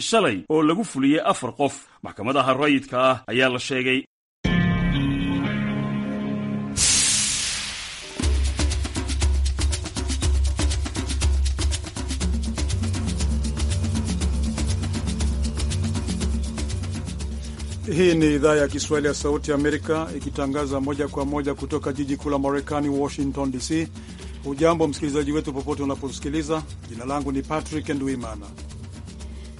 shalay oo lagu fuliyey afar qof maxkamadaha rayidka ah ayaa la sheegay Hii ni idhaa ya Kiswahili ya Sauti Amerika ikitangaza moja kwa moja kutoka jiji kuu la Marekani, Washington DC. ujambo msikilizaji wetu, popote unaposikiliza. Jina langu ni Patrick Ndwimana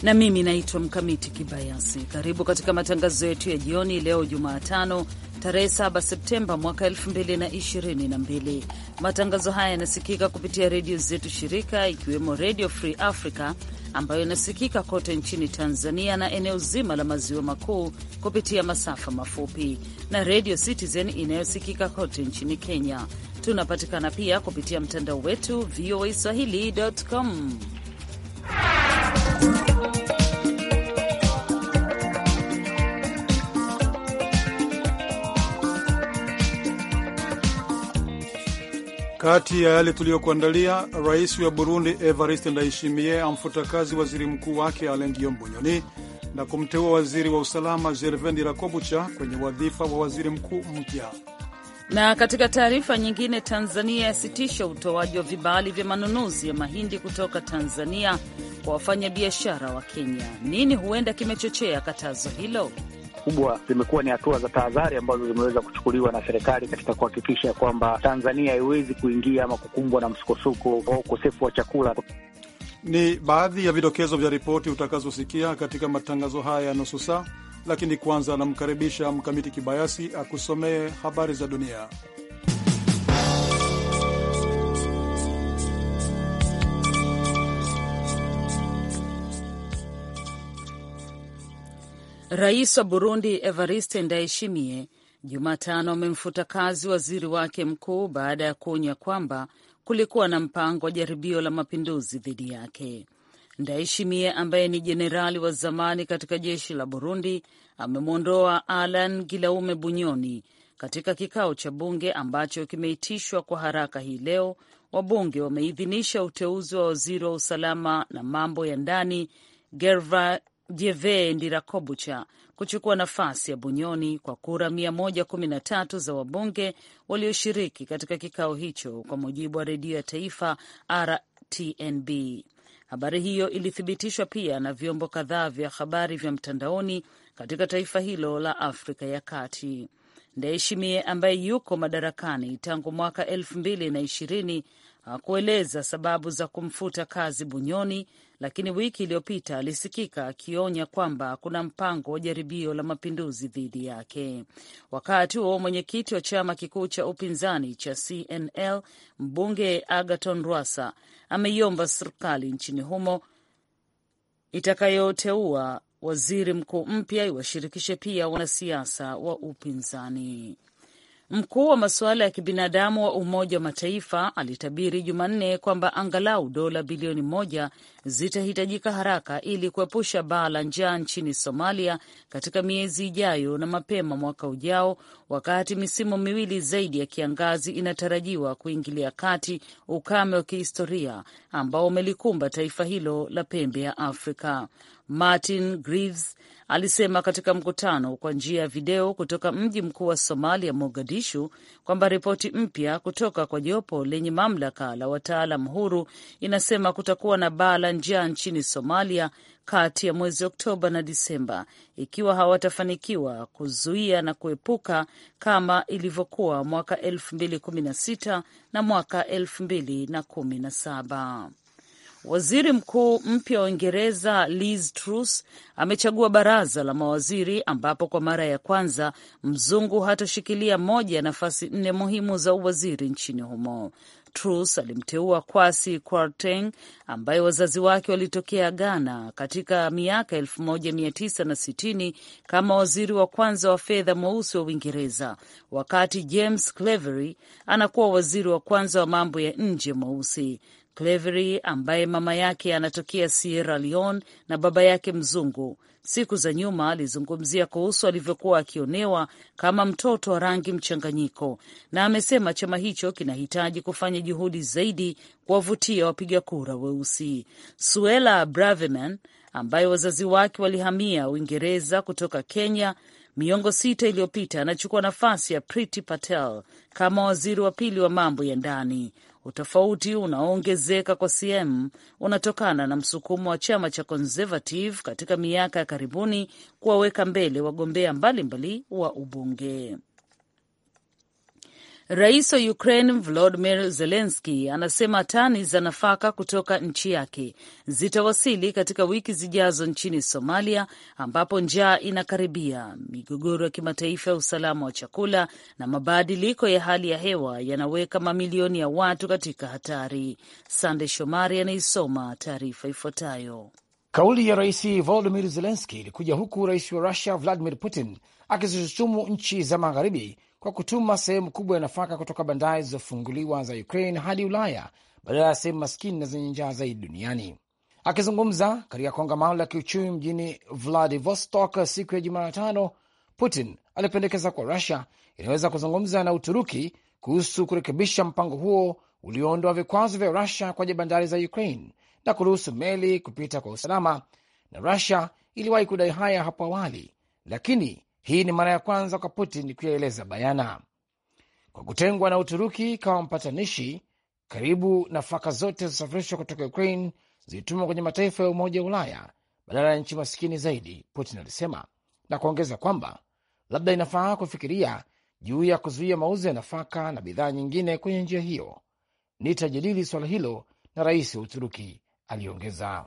na mimi naitwa Mkamiti Kibayasi. Karibu katika matangazo yetu ya jioni leo Jumatano, tarehe 7 Septemba mwaka 2022. Matangazo haya yanasikika kupitia redio zetu shirika, ikiwemo Redio Free Africa ambayo inasikika kote nchini Tanzania na eneo zima la maziwa makuu kupitia masafa mafupi na Redio Citizen inayosikika kote nchini Kenya. Tunapatikana pia kupitia mtandao wetu voa swahili.com. Kati ya yale tuliyokuandalia, rais wa Burundi Evariste Ndayishimiye amfuta kazi waziri mkuu wake Alain Guillaume Bunyoni na kumteua waziri wa usalama Gervais Ndirakobucha kwenye wadhifa wa waziri mkuu mpya. Na katika taarifa nyingine, Tanzania yasitisha utoaji wa vibali vya manunuzi ya mahindi kutoka Tanzania kwa wafanyabiashara wa Kenya. Nini huenda kimechochea katazo hilo? kubwa zimekuwa ni hatua za tahadhari ambazo zimeweza kuchukuliwa na serikali katika kuhakikisha kwamba Tanzania haiwezi kuingia ama kukumbwa na msukosuko au ukosefu wa chakula. Ni baadhi ya vidokezo vya ripoti utakazosikia katika matangazo haya ya nusu saa, lakini kwanza anamkaribisha Mkamiti Kibayasi akusomee habari za dunia. Rais wa Burundi Evariste Ndayishimiye Jumatano amemfuta kazi waziri wake mkuu baada ya kuonya kwamba kulikuwa na mpango wa jaribio la mapinduzi dhidi yake. Ndayishimiye ambaye ni jenerali wa zamani katika jeshi la Burundi amemwondoa Alan Gilaume Bunyoni katika kikao cha bunge ambacho kimeitishwa kwa haraka hii leo. Wabunge wameidhinisha uteuzi wa waziri wa usalama na mambo ya ndani Gerva Jeve Ndirakobucha kuchukua nafasi ya Bunyoni kwa kura 113 za wabunge walioshiriki katika kikao hicho, kwa mujibu wa redio ya taifa RTNB. Habari hiyo ilithibitishwa pia na vyombo kadhaa vya habari vya mtandaoni katika taifa hilo la Afrika ya Kati. Ndayishimiye ambaye yuko madarakani tangu mwaka elfu mbili na ishirini hakueleza sababu za kumfuta kazi Bunyoni, lakini wiki iliyopita alisikika akionya kwamba kuna mpango wa jaribio la mapinduzi dhidi yake. Wakati huo mwenyekiti wa chama kikuu cha upinzani cha CNL mbunge Agaton Rwasa ameiomba serikali nchini humo itakayoteua waziri mkuu mpya iwashirikishe pia wanasiasa wa upinzani. Mkuu wa masuala ya kibinadamu wa Umoja wa Mataifa alitabiri Jumanne kwamba angalau dola bilioni moja zitahitajika haraka ili kuepusha baa la njaa nchini Somalia katika miezi ijayo na mapema mwaka ujao, wakati misimu miwili zaidi ya kiangazi inatarajiwa kuingilia kati ukame wa kihistoria ambao umelikumba taifa hilo la pembe ya Afrika. Martin Grives alisema katika mkutano kwa njia ya video kutoka mji mkuu wa Somalia, Mogadishu, kwamba ripoti mpya kutoka kwa jopo lenye mamlaka la wataalam huru inasema kutakuwa na baa la njaa nchini Somalia kati ya mwezi Oktoba na Disemba ikiwa hawatafanikiwa kuzuia na kuepuka kama ilivyokuwa mwaka 2016 na mwaka 2017. Waziri mkuu mpya wa Uingereza Liz Truss amechagua baraza la mawaziri ambapo kwa mara ya kwanza mzungu hatashikilia moja ya nafasi nne muhimu za uwaziri nchini humo. Truss alimteua Kwasi Kwarteng ambaye wazazi wake walitokea Ghana katika miaka 1960 kama waziri wa kwanza wa fedha mweusi wa Uingereza, wakati James Cleverly anakuwa waziri wa kwanza wa mambo ya nje mweusi. Clevery ambaye mama yake anatokea Sierra Leone na baba yake mzungu, siku za nyuma alizungumzia kuhusu alivyokuwa akionewa kama mtoto wa rangi mchanganyiko, na amesema chama hicho kinahitaji kufanya juhudi zaidi kuwavutia wapiga kura weusi. Suela Braverman ambaye wazazi wake walihamia Uingereza kutoka Kenya miongo sita iliyopita anachukua nafasi ya Priti Patel kama waziri wa pili wa mambo ya ndani. Utofauti unaoongezeka kwa sehemu unatokana na msukumo wa chama cha Conservative katika miaka ya karibuni kuwaweka mbele wagombea mbalimbali wa ubunge. Rais wa Ukraine Volodymyr Zelensky anasema tani za nafaka kutoka nchi yake zitawasili katika wiki zijazo nchini Somalia, ambapo njaa inakaribia, migogoro ya kimataifa ya usalama wa chakula na mabadiliko ya hali ya hewa yanaweka mamilioni ya watu katika hatari. Sande Shomari anaisoma taarifa ifuatayo. Kauli ya Rais Volodymyr Zelensky ilikuja huku rais wa Russia Vladimir Putin akizishutumu nchi za magharibi kwa kutuma sehemu kubwa ya nafaka kutoka bandari zilizofunguliwa za Ukraine hadi Ulaya badala ya sehemu maskini na zenye njaa zaidi duniani. Akizungumza katika kongamano la kiuchumi mjini Vladivostok siku ya Jumatano, Putin alipendekeza kuwa Rusia inaweza kuzungumza na Uturuki kuhusu kurekebisha mpango huo ulioondoa vikwazo vya Rusia kwenye bandari za Ukraine na kuruhusu meli kupita kwa usalama. Na Rusia iliwahi kudai haya hapo awali, lakini hii ni mara ya kwanza kwa Putin kuyaeleza bayana. Kwa kutengwa na Uturuki kama mpatanishi, karibu nafaka zote zilizosafirishwa kutoka Ukraine zilitumwa kwenye mataifa ya Umoja wa Ulaya badala ya nchi masikini zaidi, Putin alisema na kuongeza kwamba labda inafaa kufikiria juu ya kuzuia mauzo ya nafaka na bidhaa nyingine kwenye njia hiyo. Nitajadili swala hilo na rais wa Uturuki, aliongeza.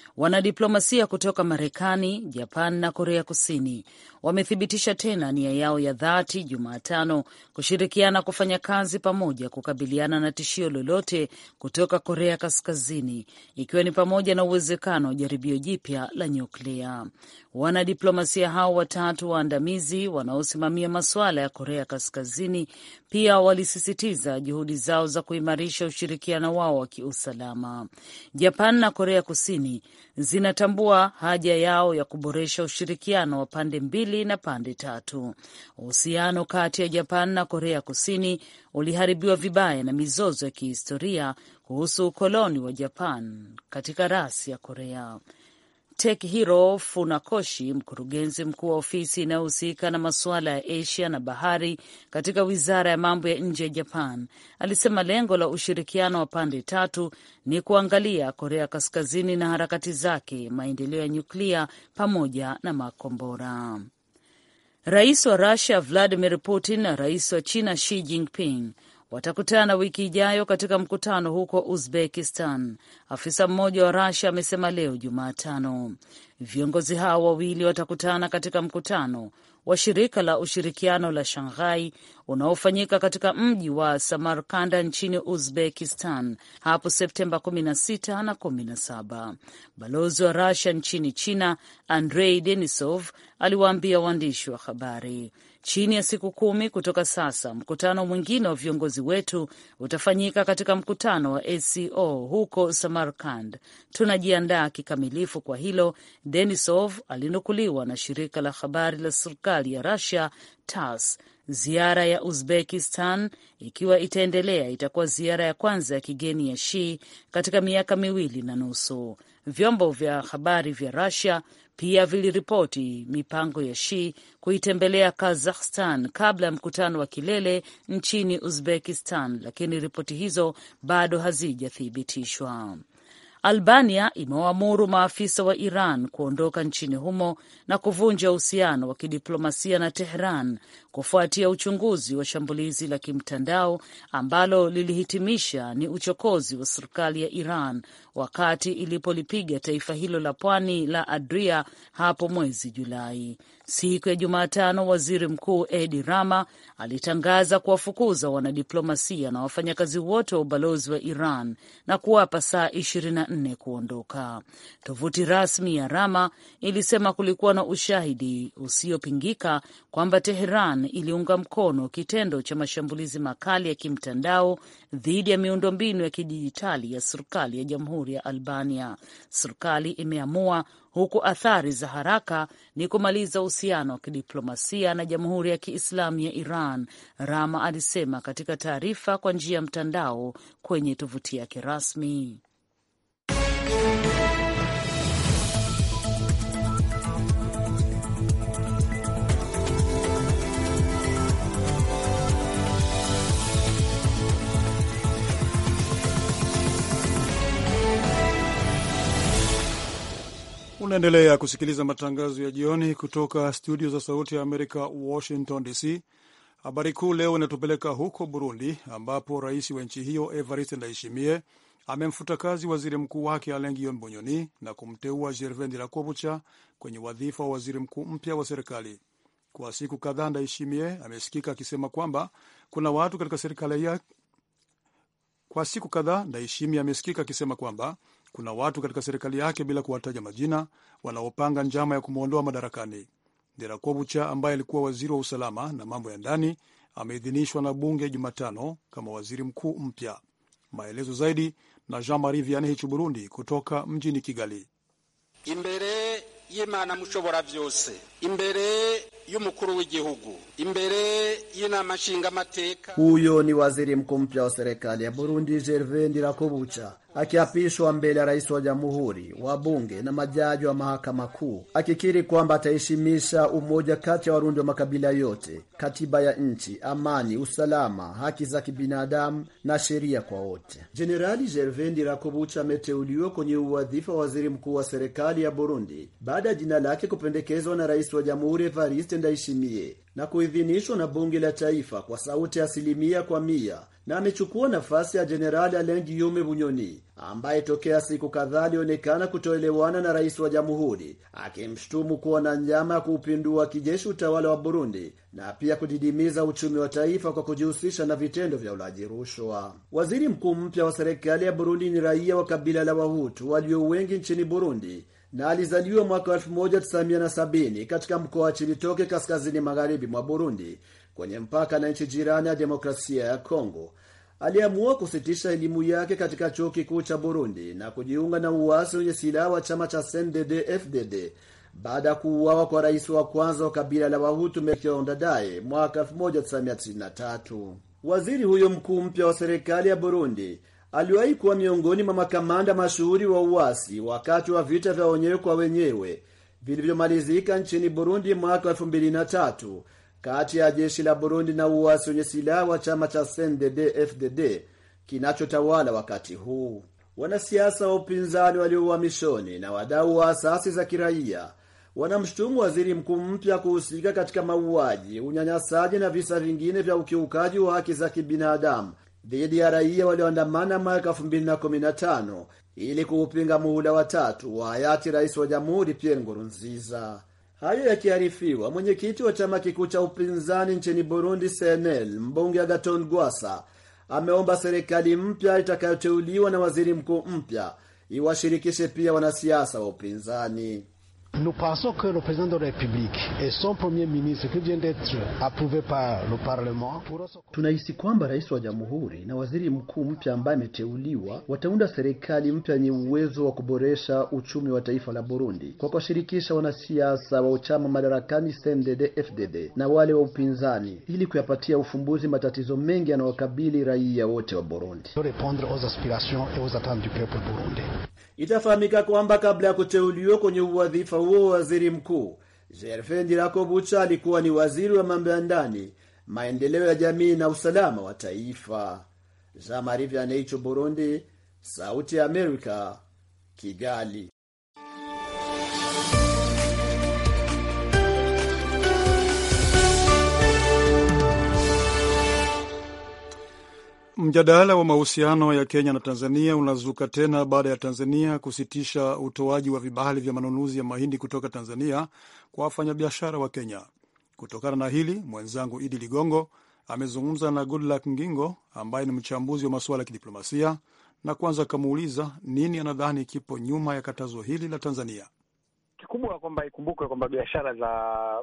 Wanadiplomasia kutoka Marekani, Japan na Korea Kusini wamethibitisha tena nia yao ya dhati Jumatano kushirikiana kufanya kazi pamoja kukabiliana na tishio lolote kutoka Korea Kaskazini, ikiwa ni pamoja na uwezekano wa jaribio jipya la nyuklia. Wanadiplomasia hao watatu waandamizi wanaosimamia masuala ya Korea Kaskazini pia walisisitiza juhudi zao za kuimarisha ushirikiano wao wa kiusalama. Japan na Korea Kusini zinatambua haja yao ya kuboresha ushirikiano wa pande mbili na pande tatu. Uhusiano kati ya Japan na Korea Kusini uliharibiwa vibaya na mizozo ya kihistoria kuhusu ukoloni wa Japan katika rasi ya Korea. Takehiro Funakoshi, mkurugenzi mkuu wa ofisi inayohusika na masuala ya Asia na bahari katika wizara ya mambo ya nje ya Japan, alisema lengo la ushirikiano wa pande tatu ni kuangalia Korea Kaskazini na harakati zake, maendeleo ya nyuklia pamoja na makombora. Rais wa Rusia Vladimir Putin na rais wa China Xi Jinping watakutana wiki ijayo katika mkutano huko Uzbekistan, afisa mmoja wa rasia amesema leo Jumatano. Viongozi hao wawili watakutana katika mkutano wa shirika la ushirikiano la Shanghai unaofanyika katika mji wa Samarkanda nchini Uzbekistan hapo Septemba 16 na 17. Balozi wa Rasia nchini China Andrei Denisov aliwaambia waandishi wa habari Chini ya siku kumi kutoka sasa, mkutano mwingine wa viongozi wetu utafanyika katika mkutano wa ACO huko Samarkand. Tunajiandaa kikamilifu kwa hilo, Denisov alinukuliwa na shirika la habari la serikali ya Rusia TASS. Ziara ya Uzbekistan, ikiwa itaendelea, itakuwa ziara ya kwanza ya kigeni ya Shi katika miaka miwili na nusu. Vyombo vya habari vya Rusia pia viliripoti mipango ya shi kuitembelea Kazakhstan kabla ya mkutano wa kilele nchini Uzbekistan, lakini ripoti hizo bado hazijathibitishwa. Albania imewaamuru maafisa wa Iran kuondoka nchini humo na kuvunja uhusiano wa kidiplomasia na Tehran kufuatia uchunguzi wa shambulizi la kimtandao ambalo lilihitimisha ni uchokozi wa serikali ya Iran wakati ilipolipiga taifa hilo la pwani la Adria hapo mwezi Julai. Siku ya Jumatano, waziri mkuu Edi Rama alitangaza kuwafukuza wanadiplomasia na wafanyakazi wote wa ubalozi wa Iran na kuwapa saa 24 kuondoka. Tovuti rasmi ya Rama ilisema kulikuwa na ushahidi usiopingika kwamba Teheran iliunga mkono kitendo cha mashambulizi makali ya kimtandao dhidi ya miundombinu ya kidijitali ya serikali ya jamhuri ya Albania. Serikali imeamua huku athari za haraka ni kumaliza uhusiano wa kidiplomasia na Jamhuri ya Kiislamu ya Iran, Rama alisema katika taarifa kwa njia ya mtandao kwenye tovuti yake rasmi. Unaendelea kusikiliza matangazo ya jioni kutoka studio za Sauti ya Amerika, Washington DC. Habari kuu leo inatupeleka huko Burundi, ambapo rais wa nchi hiyo Evariste Ndayishimiye amemfuta kazi waziri mkuu wake Alain Guillaume Bunyoni na kumteua Gervais Ndirakobucha kwenye wadhifa wa waziri mkuu mpya wa serikali. Kwa siku kadhaa, Ndayishimiye amesikika akisema kwamba kuna watu katika serikali ya... kwa siku kadhaa Ndayishimiye amesikika akisema kwamba kuna watu katika serikali yake, bila kuwataja majina, wanaopanga njama ya kumwondoa madarakani. Derakobucha ambaye alikuwa waziri wa usalama na mambo ya ndani ameidhinishwa na bunge Jumatano kama waziri mkuu mpya. Maelezo zaidi na Jean Marie Vianney Burundi, kutoka mjini Kigali. imbere y'Imana mushobora vyose imbere y'umukuru w'igihugu imbere y'inama nshingamateka. Huyo ni waziri mkuu mpya wa serikali ya Burundi, Gervais Ndirakobucha akiapishwa mbele ya rais wa jamhuri, wabunge na majaji wa mahakama kuu, akikiri kwamba ataheshimisha umoja kati ya Warundi wa makabila yote, katiba ya nchi, amani, usalama, haki za kibinadamu na sheria kwa wote. Jenerali Gervais Ndirakobucha ameteuliwa kwenye uwadhifa wa waziri mkuu wa serikali ya Burundi baada ya jina lake kupendekezwa na rais wa jamhuri Evariste Ndayishimiye na kuidhinishwa na bunge la taifa kwa sauti asilimia kwa mia na amechukua nafasi ya Jenerali Alain Guillaume Bunyoni ambaye tokea siku kadhaa alionekana kutoelewana na rais wa jamhuri, akimshutumu kuwa na njama ya kuupindua kijeshi utawala wa Burundi na pia kudidimiza uchumi wa taifa kwa kujihusisha na vitendo vya ulaji rushwa. Waziri mkuu mpya wa serikali ya Burundi ni raia wa kabila la Wahutu walio wengi nchini Burundi na alizaliwa mwaka 1970 katika mkoa wa Chibitoke kaskazini magharibi mwa Burundi kwenye mpaka na nchi jirani ya demokrasia ya Kongo. Aliamua kusitisha elimu yake katika chuo kikuu cha Burundi na kujiunga na uasi wenye silaha wa chama cha CNDD FDD baada ya kuuawa kwa rais wa kwanza wa kabila la Wahutu Melchior Ndadaye mwaka 1993. Waziri huyo mkuu mpya wa serikali ya Burundi aliwahi kuwa miongoni mwa makamanda mashuhuri wa uasi wakati wa vita vya wenyewe kwa wenyewe vilivyomalizika nchini Burundi mwaka 2003 kati ya jeshi la Burundi na uasi wenye silaha wa chama cha CNDD FDD kinachotawala wakati huu. Wanasiasa wa upinzani waliouhamishoni na wadau wa asasi za kiraia wanamshutumu waziri mkuu mpya kuhusika katika mauaji, unyanyasaji na visa vingine vya ukiukaji wa haki za kibinadamu dhidi ya raia walioandamana mwaka 2015 ili kuupinga muhula watatu wa hayati rais wa jamhuri Pierre Nkurunziza. Hayo yakiharifiwa, mwenyekiti wa chama kikuu cha upinzani nchini Burundi CNL, mbunge agaton gwasa ameomba serikali mpya itakayoteuliwa na waziri mkuu mpya iwashirikishe pia wanasiasa wa upinzani. Nous pensons que le président de la République et son premier ministre qui vient d'être approuvé par le Parlement. Tunahisi kwamba rais wa jamhuri na waziri mkuu mpya ambaye ameteuliwa wataunda serikali mpya yenye uwezo wa kuboresha uchumi wa taifa la Burundi kwa kuwashirikisha wanasiasa wa uchama madarakani CNDD-FDD na wale wa upinzani ili kuyapatia ufumbuzi matatizo mengi yanayokabili raia wote wa Burundi. Itafahamika kwamba kabla ya kuteuliwa kwenye uwadhifa huo wa waziri mkuu, Gervendi bucha alikuwa ni waziri wa mambo ya ndani, maendeleo ya jamii na usalama wa taifa. jean Burundi, Sauti ya Amerika, Kigali. Mjadala wa mahusiano ya Kenya na Tanzania unazuka tena baada ya Tanzania kusitisha utoaji wa vibali vya manunuzi ya mahindi kutoka Tanzania kwa wafanyabiashara wa Kenya. Kutokana na hili, mwenzangu Idi Ligongo amezungumza na Goodluck Ngingo ambaye ni mchambuzi wa masuala ya kidiplomasia na kwanza akamuuliza nini anadhani kipo nyuma ya katazo hili la Tanzania kikubwa kwamba ikumbukwe kwamba biashara za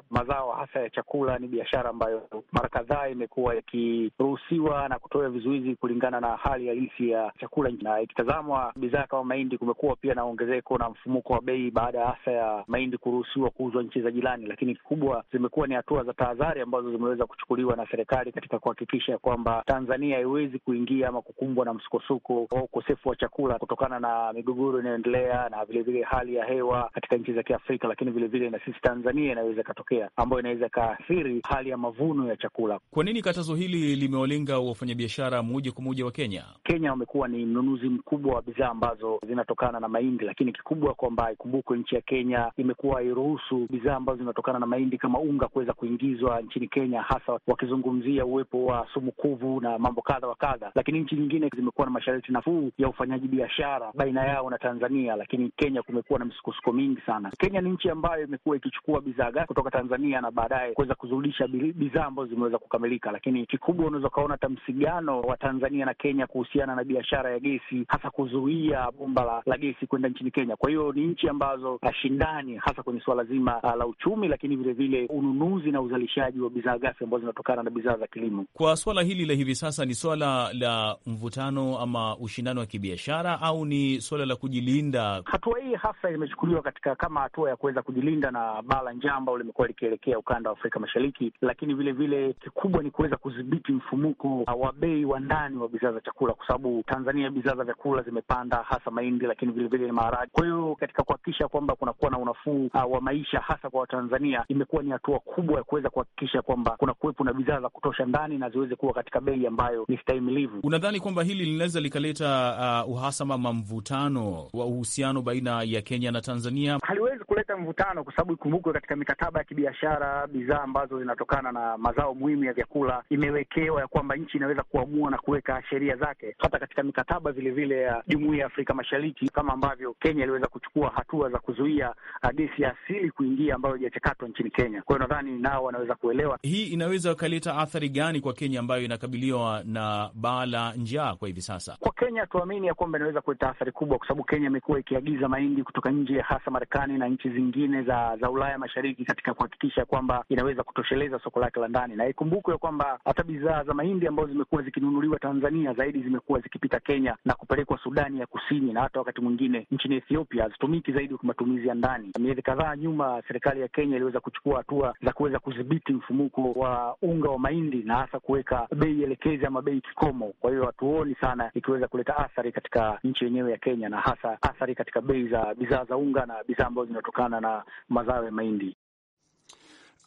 mazao hasa ya chakula ni biashara ambayo mara kadhaa imekuwa ikiruhusiwa na kutoa vizuizi kulingana na hali halisi ya chakula, na ikitazamwa bidhaa kama mahindi, kumekuwa pia na ongezeko na mfumuko wa bei baada ya hasa ya mahindi kuruhusiwa kuuzwa nchi za jirani. Lakini kikubwa zimekuwa ni hatua za tahadhari ambazo zimeweza kuchukuliwa na serikali katika kuhakikisha kwamba Tanzania haiwezi kuingia ama kukumbwa na msukosuko wa ukosefu wa chakula kutokana na migogoro inayoendelea na vilevile hali ya hewa katika nchi za Kiafrika, lakini vilevile na sisi Tanzania inaweza ikatokea, ambayo inaweza ikaathiri hali ya mavuno ya chakula. Kwa nini katazo hili limewalenga wafanyabiashara moja kwa moja wa Kenya? Kenya wamekuwa ni mnunuzi mkubwa wa bidhaa ambazo zinatokana na mahindi, lakini kikubwa kwamba ikumbukwe, nchi ya Kenya imekuwa hairuhusu bidhaa ambazo zinatokana na mahindi kama unga kuweza kuingizwa nchini Kenya, hasa wakizungumzia uwepo wa sumukuvu na mambo kadha wa kadha. Lakini nchi nyingine zimekuwa na masharti nafuu ya ufanyaji biashara baina yao na Tanzania, lakini Kenya kumekuwa na misukosuko mingi sana. Kenya ni nchi ambayo imekuwa ikichukua bidhaa gasi kutoka Tanzania na baadaye kuweza kuzurudisha bidhaa ambazo zimeweza kukamilika, lakini kikubwa unaweza ukaona hata msigano wa Tanzania na Kenya kuhusiana na biashara ya gesi, hasa kuzuia bomba la, la gesi kwenda nchini Kenya. Kwa hiyo ni nchi ambazo hashindani hasa kwenye suala zima uh, la uchumi, lakini vilevile ununuzi na uzalishaji wa bidhaa gasi ambazo zinatokana na bidhaa za kilimo. Kwa suala hili la hivi sasa, ni swala la mvutano ama ushindano wa kibiashara au ni suala la kujilinda? Hatua hii hasa imechukuliwa katika kama hatua ya kuweza kujilinda na baa la njaa ambalo limekuwa likielekea ukanda wa Afrika Mashariki, lakini vile vile kikubwa ni kuweza kudhibiti mfumuko uh, wa bei wa ndani wa bidhaa za chakula, kwa sababu Tanzania bidhaa za vyakula zimepanda, hasa mahindi, lakini vile vile ni maharage. Kwa hiyo katika kuhakikisha kwamba kunakuwa na unafuu uh, wa maisha hasa kwa Watanzania, imekuwa ni hatua kubwa ya kuweza kuhakikisha kwamba kuna kuwepo na bidhaa za kutosha ndani na ziweze kuwa katika bei ambayo ni stahimilivu. Unadhani kwamba hili linaweza likaleta uh, uhasama ma mvutano wa uhusiano baina ya Kenya na Tanzania? Haliwezi inaweza kuleta mvutano, kwa sababu ikumbukwe, katika mikataba ya kibiashara bidhaa ambazo zinatokana na mazao muhimu ya vyakula imewekewa ya kwamba nchi inaweza kuamua na kuweka sheria zake, hata katika mikataba vilevile ya Jumuiya ya Afrika Mashariki, kama ambavyo Kenya iliweza kuchukua hatua za kuzuia uh, gesi ya asili kuingia ambayo haijachakatwa nchini Kenya. Kwa hiyo nadhani nao wanaweza kuelewa hii inaweza ukaleta athari gani kwa Kenya ambayo inakabiliwa na baa la njaa kwa hivi sasa. Kwa Kenya tuamini ya kwamba inaweza kuleta athari kubwa, kwa sababu Kenya imekuwa ikiagiza mahindi kutoka nje, hasa Marekani na nchi zingine za za Ulaya Mashariki katika kuhakikisha kwamba inaweza kutosheleza soko lake la ndani, na ikumbukwe kwamba hata bidhaa za mahindi ambazo zimekuwa zikinunuliwa Tanzania zaidi zimekuwa zikipita Kenya na kupelekwa Sudani ya Kusini na hata wakati mwingine nchini Ethiopia, hazitumiki zaidi kwa matumizi ya ndani. Miezi kadhaa nyuma, serikali ya Kenya iliweza kuchukua hatua za kuweza kudhibiti mfumuko wa unga wa mahindi na hasa kuweka bei elekezi ama bei kikomo. Kwa hiyo hatuoni sana ikiweza kuleta athari katika nchi yenyewe ya Kenya na hasa athari katika bei za bidhaa za unga na bidhaa ambazo inatokana na mazao ya mahindi.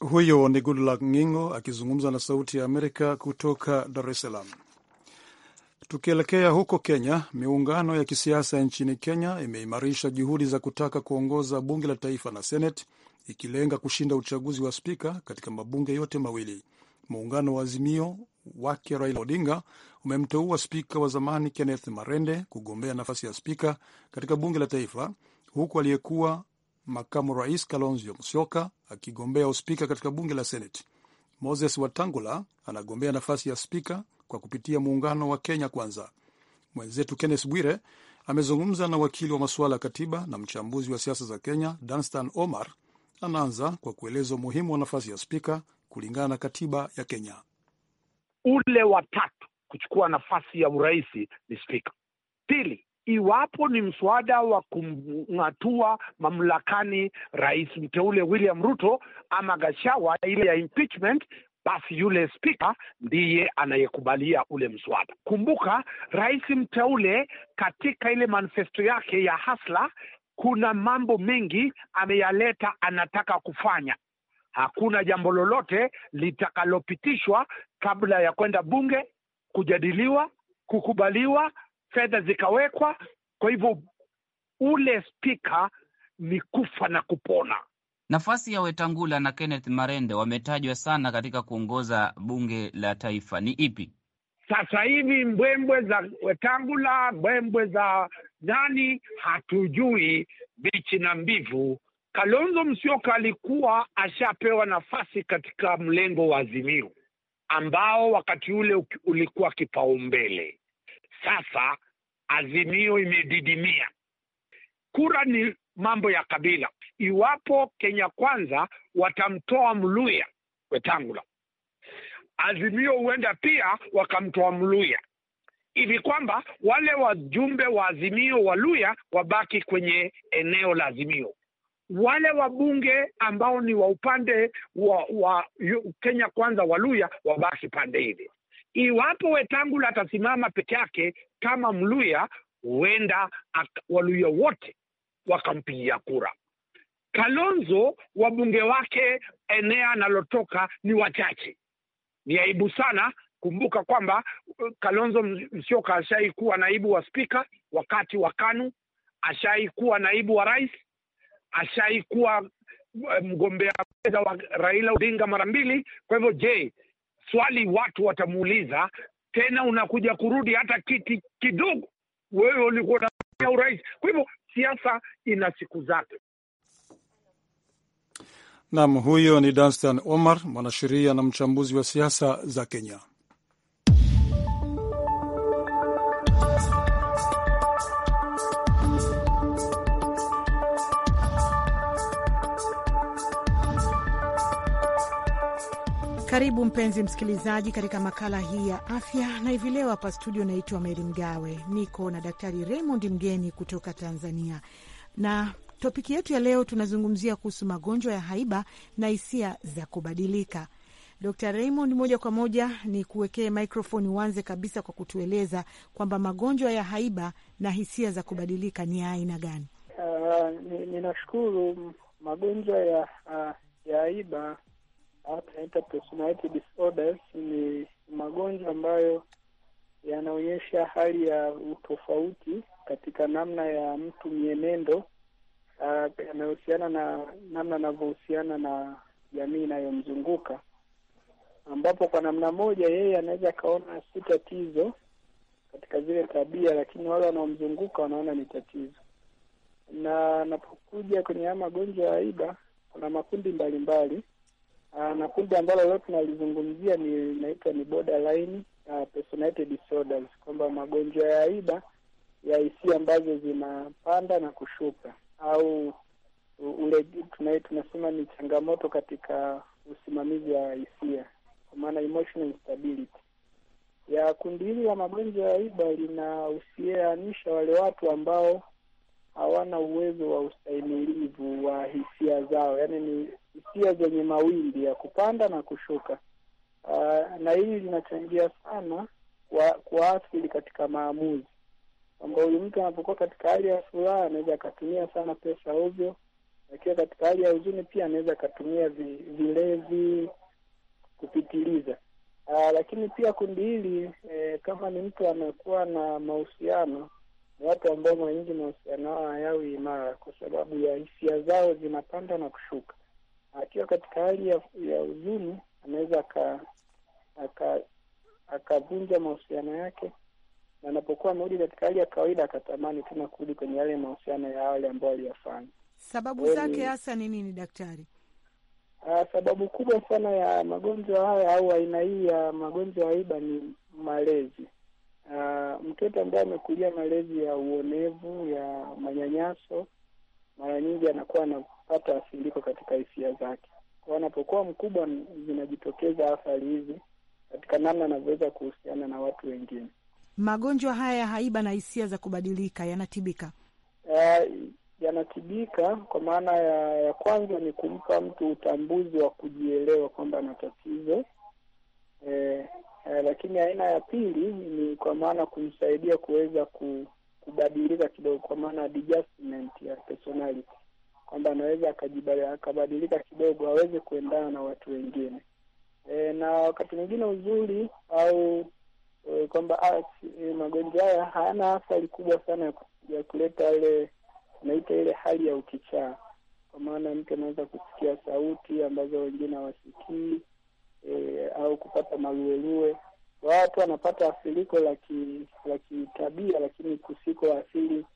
Huyo ni Goodluck Ngingo akizungumza na Sauti ya Amerika kutoka Dar es Salaam. Tukielekea huko Kenya, miungano ya kisiasa nchini Kenya imeimarisha juhudi za kutaka kuongoza bunge la taifa na Senate, ikilenga kushinda uchaguzi wa spika katika mabunge yote mawili. Muungano wa Azimio wake Raila Odinga umemteua spika wa zamani Kenneth Marende kugombea nafasi ya spika katika bunge la taifa, huku aliyekuwa makamu rais Kalonzo Musyoka akigombea uspika katika bunge la Seneti. Moses Watangula anagombea nafasi ya spika kwa kupitia muungano wa Kenya Kwanza. Mwenzetu Kenneth Bwire amezungumza na wakili wa masuala ya katiba na mchambuzi wa siasa za Kenya Danstan Omar. Anaanza kwa kueleza umuhimu wa nafasi ya spika kulingana na katiba ya Kenya. Ule watatu kuchukua nafasi ya urais ni spika. Pili, iwapo ni mswada wa kumng'atua mamlakani rais mteule William Ruto ama Gachagua, ile ya impeachment, basi yule spika ndiye anayekubalia ule mswada. Kumbuka rais mteule katika ile manifesto yake ya hasla, kuna mambo mengi ameyaleta, anataka kufanya. Hakuna jambo lolote litakalopitishwa kabla ya kwenda bunge kujadiliwa, kukubaliwa fedha zikawekwa. Kwa hivyo ule spika ni kufa na kupona. Nafasi ya Wetangula na Kenneth Marende wametajwa sana katika kuongoza bunge la taifa, ni ipi sasa hivi? Mbwembwe za Wetangula, mbwembwe za nani hatujui, bichi na mbivu. Kalonzo Musyoka alikuwa ashapewa nafasi katika mlengo wa Azimio ambao wakati ule ulikuwa kipaumbele. Sasa Azimio imedidimia. Kura ni mambo ya kabila. Iwapo Kenya Kwanza watamtoa Mluya Wetangula, Azimio huenda pia wakamtoa Mluya, hivi kwamba wale wajumbe wa Azimio wa Luya wabaki kwenye eneo la Azimio. Wale wabunge ambao ni wa upande wa, wa Kenya Kwanza wa Luya wabaki pande hivi. Iwapo Wetangula atasimama peke yake kama Mluya, huenda Waluya wote wakampigia kura. Kalonzo, wabunge wake eneo analotoka ni wachache. Ni aibu sana. Kumbuka kwamba uh, Kalonzo Msioka ashai kuwa naibu wa spika wakati wa KANU, ashai kuwa naibu wa rais, ashai kuwa uh, mgombea wa Raila Odinga mara mbili. Kwa hivyo, je, swali watu watamuuliza tena, unakuja kurudi hata kiti kidogo, wewe ulikuwa unaa urais. Kwa hivyo siasa ina siku zake. Nam, huyo ni Danstan Omar, mwanasheria na mchambuzi wa siasa za Kenya. Karibu mpenzi msikilizaji, katika makala hii ya afya, na hivi leo hapa studio naitwa Meri Mgawe, niko na Daktari Raymond mgeni kutoka Tanzania, na topiki yetu ya leo tunazungumzia kuhusu magonjwa ya haiba na hisia za kubadilika. Dr Raymond, moja kwa moja ni kuwekee mikrofoni, uanze kabisa kwa kutueleza kwamba magonjwa ya haiba na hisia za kubadilika ni aina gani? Uh, ninashukuru. Magonjwa ya, uh, ya haiba personality disorders ni magonjwa ambayo yanaonyesha hali ya utofauti katika namna ya mtu, mienendo ah, yanayohusiana na namna anavyohusiana na jamii inayomzunguka ambapo kwa namna moja yeye anaweza akaona si tatizo katika zile tabia, lakini wale wanaomzunguka wanaona ni tatizo. Na anapokuja kwenye haya magonjwa ya aiba, kuna makundi mbalimbali Ah, na kundi ambalo leo tunalizungumzia ni inaitwa ni borderline uh, personality disorders, kwamba magonjwa ya aiba ya hisia ambazo zinapanda na kushuka au ule tunai, tunasema ni changamoto katika usimamizi wa hisia kwa maana emotional instability. Ya kundi hili la magonjwa ya aiba linahusianisha wale watu ambao hawana uwezo wa ustahimilivu wa hisia zao, yaani ni hisia zenye mawimbi ya kupanda na kushuka. Uh, na hili linachangia sana kwa kuathiri katika maamuzi, kwamba huyu mtu anapokuwa katika hali ya furaha anaweza akatumia sana pesa ovyo, akiwa katika hali ya huzuni pia anaweza akatumia vilevi kupitiliza. Uh, lakini pia kundi hili eh, kama ni mtu anakuwa na mahusiano watu ambao mara mahusiano yao hayawi imara kwa sababu ya hisia zao zinapanda na kushuka. Akiwa katika hali ya, ya huzuni anaweza akavunja mahusiano yake, na anapokuwa amerudi katika hali ya kawaida akatamani tena kurudi kwenye yale mahusiano ya awali ambayo aliyafanya. Sababu Weni, zake hasa ni nini daktari? A, ah, sababu kubwa sana ya magonjwa haya au aina hii ya magonjwa ya iba ni malezi Ah, mtoto ambaye amekulia malezi ya uonevu ya manyanyaso, mara nyingi anakuwa anapata asiliko katika hisia zake, kwa anapokuwa mkubwa zinajitokeza athari hizi katika namna anavyoweza kuhusiana na watu wengine. Magonjwa haya ya haiba na hisia za kubadilika yanatibika? Uh, yanatibika kwa maana ya, ya kwanza ni kumpa mtu utambuzi wa kujielewa kwamba ana tatizo eh, eh, lakini aina ya pili ni kwa maana kumsaidia kuweza kubadilika kidogo, kwa maana adjustment ya personality, kwamba anaweza akabadilika kidogo aweze kuendana na watu wengine eh, na wakati mwingine uzuri au eh, kwamba eh, magonjwa haya hayana athari kubwa sana ya kuleta ile naita ile hali ya ukichaa, kwa maana mtu anaweza kusikia sauti ambazo wengine hawasikii e, au kupata maluelue. Watu wanapata asiliko la kitabia, lakini kusiko asili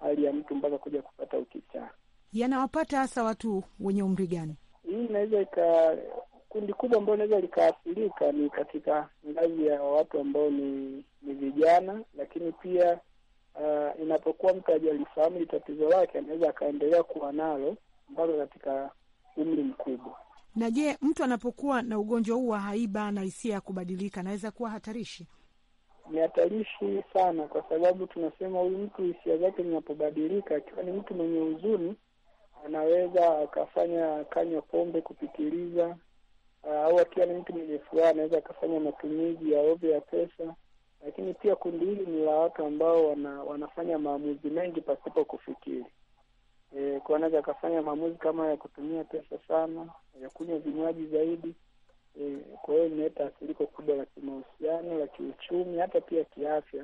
hali ya mtu mpaka kuja kupata ukichaa. Yanawapata hasa watu wenye umri gani? Hii inaweza ika kundi kubwa ambayo inaweza likaathirika ni katika ngazi ya watu ambao ni ni vijana, lakini pia uh, inapokuwa mtu hajalifahamu tatizo lake anaweza akaendelea kuwa nalo mpaka katika umri mkubwa. Na je, mtu anapokuwa na ugonjwa huu wa haiba na hisia ya kubadilika anaweza kuwa hatarishi? Ni hatarishi sana, kwa sababu tunasema huyu mtu hisia zake zinapobadilika, akiwa ni mtu mwenye huzuni, anaweza akafanya kanywa pombe kupitiliza, au akiwa ni mtu mwenye furaha, anaweza akafanya matumizi ya ovyo ya pesa. Lakini pia kundi hili ni la watu ambao wana, wanafanya maamuzi mengi pasipo kufikiri e, kwa anaweza akafanya maamuzi kama ya kutumia pesa sana, ya kunywa vinywaji zaidi e, kwa hiyo imeleta asiliko kubwa la kimahusiano, la kiuchumi, hata pia kiafya,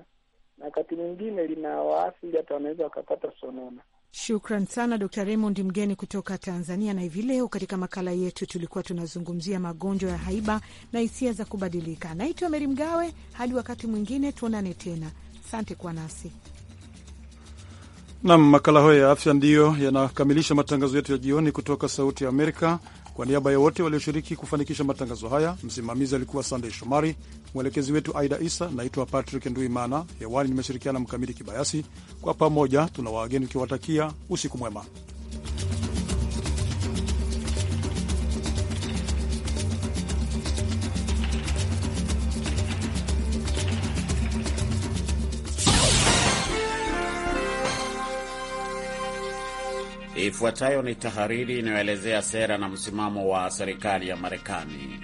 na wakati mwingine lina waasili hata wanaweza wakapata sonona. Shukran sana Dr Raymond mgeni kutoka Tanzania. Na hivi leo katika makala yetu tulikuwa tunazungumzia magonjwa ya haiba na hisia za kubadilika. Naitwa Meri Mgawe, hadi wakati mwingine tuonane tena. Asante kwa nasi Nam, makala hayo ya afya ndiyo yanakamilisha matangazo yetu ya jioni kutoka Sauti ya Amerika. Kwa niaba ya wote walioshiriki kufanikisha matangazo haya, msimamizi alikuwa Sandey Shomari, mwelekezi wetu Aida Isa. Naitwa Patrick Nduimana, hewani nimeshirikiana Mkamili Kibayasi. Kwa pamoja tuna waageni ukiwatakia usiku mwema. Ifuatayo ni tahariri inayoelezea sera na msimamo wa serikali ya Marekani.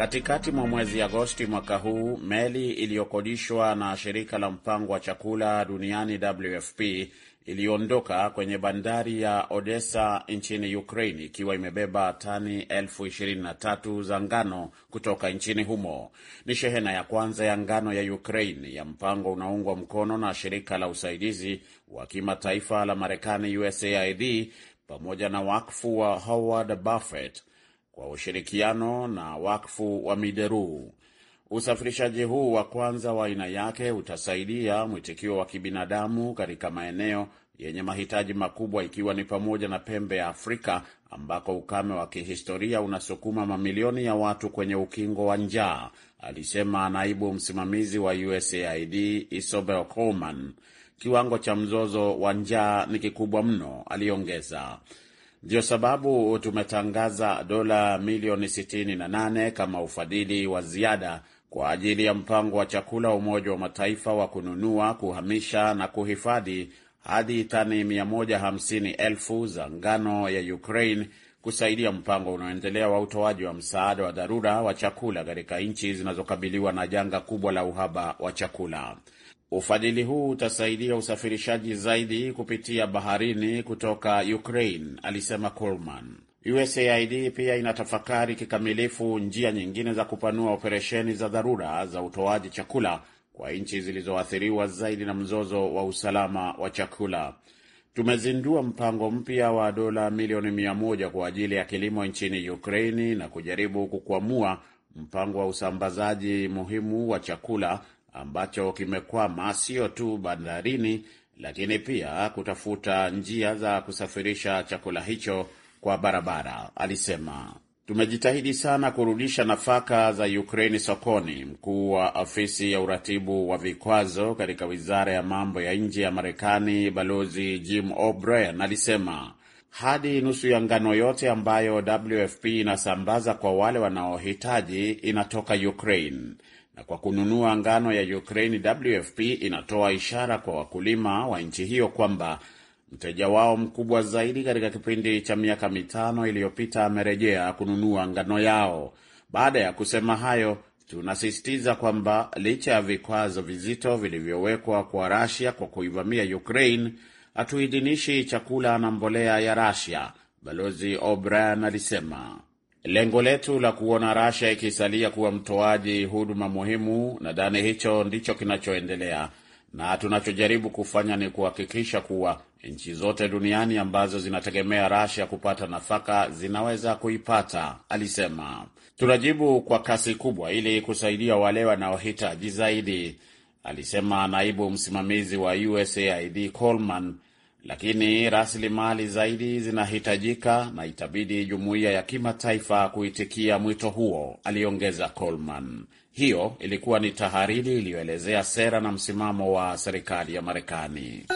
Katikati mwa mwezi Agosti mwaka huu, meli iliyokodishwa na shirika la mpango wa chakula duniani WFP iliondoka kwenye bandari ya Odessa nchini Ukraine ikiwa imebeba tani elfu ishirini na tatu za ngano kutoka nchini humo. Ni shehena ya kwanza ya ngano ya Ukraine ya mpango unaungwa mkono na shirika la usaidizi wa kimataifa la Marekani USAID pamoja na wakfu wa Howard Buffett kwa ushirikiano na wakfu wa Mideru. Usafirishaji huu wa kwanza wa aina yake utasaidia mwitikio wa kibinadamu katika maeneo yenye mahitaji makubwa ikiwa ni pamoja na pembe ya Afrika ambako ukame wa kihistoria unasukuma mamilioni ya watu kwenye ukingo wa njaa, alisema naibu msimamizi wa USAID Isobel Coleman. Kiwango cha mzozo wa njaa ni kikubwa mno, aliongeza ndio sababu tumetangaza dola milioni 68 kama ufadhili wa ziada kwa ajili ya mpango wa chakula wa Umoja wa Mataifa wa kununua, kuhamisha na kuhifadhi hadi tani 150,000 za ngano ya Ukraine kusaidia mpango unaoendelea wa utoaji wa msaada wa dharura wa chakula katika nchi zinazokabiliwa na janga kubwa la uhaba wa chakula. Ufadhili huu utasaidia usafirishaji zaidi kupitia baharini kutoka Ukraine, alisema Coleman. USAID pia inatafakari kikamilifu njia nyingine za kupanua operesheni za dharura za utoaji chakula kwa nchi zilizoathiriwa zaidi na mzozo wa usalama wa chakula. Tumezindua mpango mpya wa dola milioni mia moja kwa ajili ya kilimo nchini Ukraini na kujaribu kukwamua mpango wa usambazaji muhimu wa chakula ambacho kimekwama sio tu bandarini, lakini pia kutafuta njia za kusafirisha chakula hicho kwa barabara, alisema. Tumejitahidi sana kurudisha nafaka za Ukraini sokoni. Mkuu wa ofisi ya uratibu wa vikwazo katika wizara ya mambo ya nje ya Marekani, balozi Jim O'Brien alisema hadi nusu ya ngano yote ambayo WFP inasambaza kwa wale wanaohitaji inatoka Ukraine na kwa kununua ngano ya Ukraini, WFP inatoa ishara kwa wakulima wa nchi hiyo kwamba mteja wao mkubwa zaidi katika kipindi cha miaka mitano iliyopita amerejea kununua ngano yao. Baada ya kusema hayo, tunasisitiza kwamba licha ya vikwazo vizito vilivyowekwa kwa Rasia kwa kuivamia Ukraine, hatuidhinishi chakula na mbolea ya Rasia, Balozi O'Brien alisema. Lengo letu la kuona Russia ikisalia kuwa mtoaji huduma muhimu, nadhani hicho ndicho kinachoendelea, na tunachojaribu kufanya ni kuhakikisha kuwa nchi zote duniani ambazo zinategemea Russia kupata nafaka zinaweza kuipata, alisema. Tunajibu kwa kasi kubwa ili kusaidia wale wanaohitaji zaidi, alisema naibu msimamizi wa USAID Coleman lakini rasilimali zaidi zinahitajika na itabidi jumuiya ya kimataifa kuitikia mwito huo, aliongeza Coleman. Hiyo ilikuwa ni tahariri iliyoelezea sera na msimamo wa serikali ya Marekani.